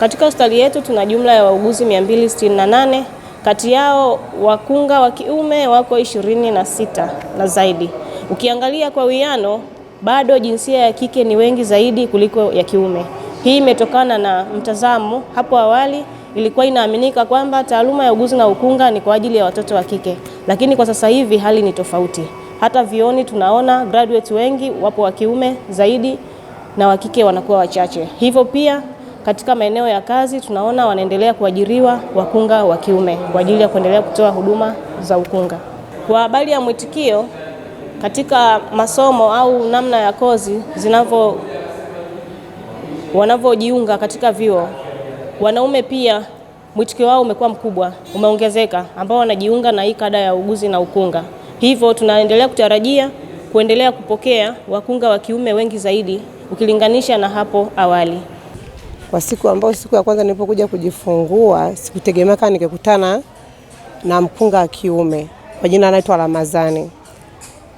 Katika hospitali yetu tuna jumla ya wauguzi 268, kati yao wakunga wa kiume wako 26 na zaidi. Ukiangalia kwa wiano, bado jinsia ya kike ni wengi zaidi kuliko ya kiume. Hii imetokana na mtazamo, hapo awali ilikuwa inaaminika kwamba taaluma ya uguzi na ukunga ni kwa ajili ya watoto wa kike, lakini kwa sasa hivi hali ni tofauti. Hata vioni tunaona graduate wengi wapo wa kiume zaidi na wa kike wanakuwa wachache, hivyo pia katika maeneo ya kazi tunaona wanaendelea kuajiriwa wakunga wa kiume kwa ajili ya kuendelea kutoa huduma za ukunga. Kwa habari ya mwitikio katika masomo au namna ya kozi zinavyo wanavyojiunga katika vyuo, wanaume pia mwitikio wao umekuwa mkubwa, umeongezeka ambao wanajiunga na hii kada ya uuguzi na ukunga. Hivyo tunaendelea kutarajia kuendelea kupokea wakunga wa kiume wengi zaidi ukilinganisha na hapo awali kwa siku ambayo siku ya kwanza nilipokuja kujifungua sikutegemea kama nikikutana na mkunga wa kiume kwa jina anaitwa Ramadhani.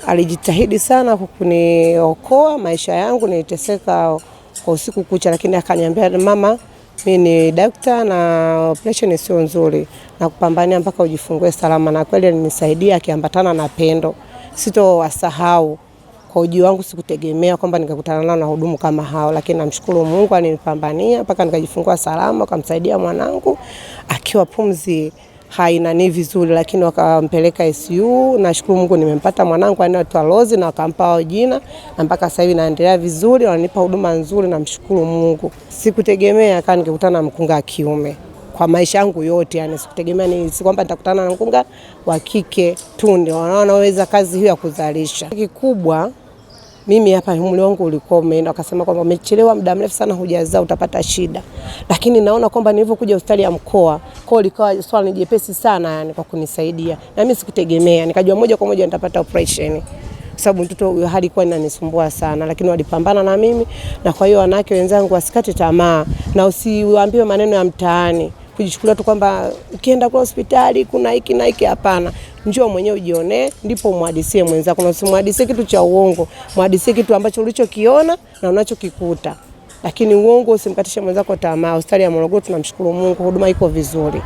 Alijitahidi sana kuniokoa maisha yangu, niliteseka kwa usiku kucha, lakini akaniambia, mama, mi ni dakta na operation sio nzuri na kupambania mpaka ujifungue salama, na kweli alinisaidia akiambatana na pendo, sitowasahau wasahau kwa ujio wangu sikutegemea kwamba ningekutana nao na hudumu kama hao, lakini namshukuru Mungu alinipambania mpaka nikajifungua salama, akamsaidia mwanangu akiwa pumzi haina ni vizuri, lakini wakampeleka ICU. Nashukuru Mungu nimempata mwanangu anaitwa Lozi na wakampa jina, na mpaka sasa hivi naendelea vizuri, wananipa huduma nzuri, namshukuru Mungu. Sikutegemea kama ningekutana na mkunga wa kiume kwa maisha yangu yote, yani sikutegemea ni si kwamba nitakutana na mkunga wa kike tu, ndio wanaweza kazi hiyo ya kuzalisha kikubwa mimi hapa umri wangu ulikuwa umeenda, akasema kwamba umechelewa muda mrefu sana, hujazaa utapata shida. Lakini naona kwamba nilivyokuja hospitali ya mkoa kwao likawa swala ni jepesi sana, yani kwa kunisaidia, na mimi sikutegemea, nikajua moja kwa moja nitapata operation sababu mtoto huyo hali ilikuwa inanisumbua sana, lakini walipambana na mimi. Na kwa hiyo wanawake wenzangu, wasikate tamaa na usiwaambie maneno ya mtaani kujichukulia tu kwamba ukienda kwa hospitali kuna hiki na hiki. Hapana, njoo mwenyewe ujionee, ndipo mwadisie mwenzako, na usimhadisie kitu cha uongo. mwadisie kitu ambacho ulichokiona na unachokikuta, lakini uongo usimkatishe mwenzako tamaa. Hospitali ya Morogoro tunamshukuru Mungu, huduma iko vizuri.